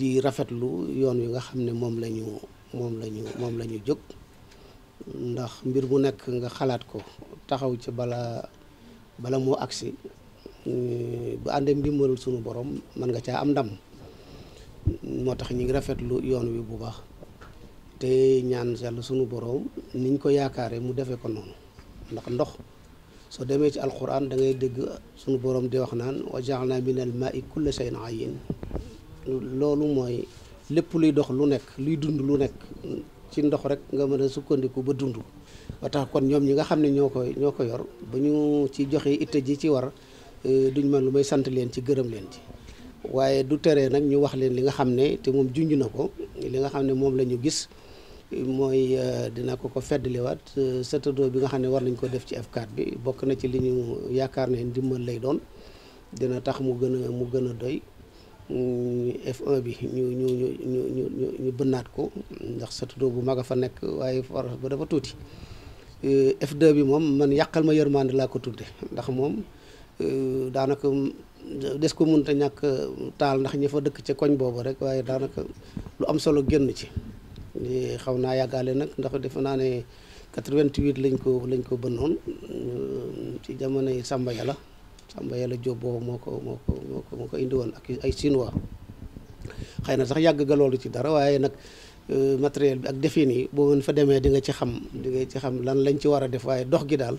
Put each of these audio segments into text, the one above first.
di rafetlu yoon wi nga xam ne moom lañu moom lañu moom la ñu jóg ndax mbir mu nekk nga xalaat ko taxaw ci bala bala moo agsi bu àndee ndimbalul sunu borom mën nga caa am ndam moo tax ñu ngi rafetlu yoon wi bu baax te ñaan yàlla sunu boroom niñ ko yaakaare mu defee ko noonu ndax ndox soo demee ci alquran da ngay dégg sunu borom di wax naan wa bi min al ma'i kulla shay'in hayyin loolu mooy lépp luy dox lu nekk luy dund lu nekk ci ndox rek nga mën a sukkandiku ba dund ba kon ñoom ñi nga xam ne ñoo ko ñoo ko yor ba ñu ci joxe itte ji ci war euh, duñ mën lu may sant leen ci gërëm leen ci waaye du tere nag ñu wax leen li nga xam ne te moom junj na ko li nga xam ne moom la ñu gis mooy euh, dina ko ko feddliwaat euh, satadoo bi nga xam ne war nañ ko def ci f bi bokk na ci li ñu yaakaar ne ndimbal lay doon dina tax mu gën a mu gën a doy FE bi ñu ñu ñu ñu ñu ñu bënnaat ko ndax château bu mag a fa nekk waaye for ba dafa tuuti euh, F2 bi moom man yàqal ma yërmande laa ko tudde ndax moom euh, daanaka des ko mënta ñàkk taal ndax ñi fa dëkk ca koñ boobu rek waaye daanaka lu am solo génn ci xaw naa yàggaale nag ndax defe naa ne 88 lañ ko lañ ko bënnoon euh, ci jamonoy Samba Yàlla Samba Yàlla Jóob boobu moo ko moo ko moo ko moo ko indi woon ak ay Chinois xëy na sax yàgg nga loolu ci dara waaye nag euh, matériel bi ak defin yi boo mën fa demee di ci xam di nga ci xam lan lañ ci war a def waaye dox gi daal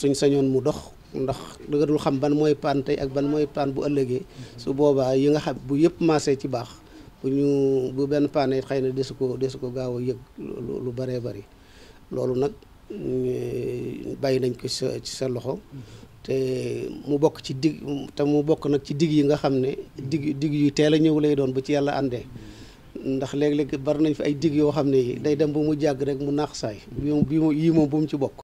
suñ sañoon mu dox ndax danga dul xam ban mooy paan tey ak ban mooy paan bu ëllëgee mm-hmm. su boobaa yi nga xam bu yëpp maasee ci baax bu ñu bu benn paane xëy na desu ko desu ko gaaw a yëg lu bëree bari loolu nag bàyyi nañ ko ci sa loxo mm-hmm. te mu bokk ci dig te mu bokk nag ci dig yi nga xam ne dig dig yi teel a ñëw lay doon ba ci yàlla àndee ndax léeg-léeg bari nañ fi ay dig yoo xam ne day dem ba mu jàgg rek mu naax saay bi moom yii moom bu mu ci bokk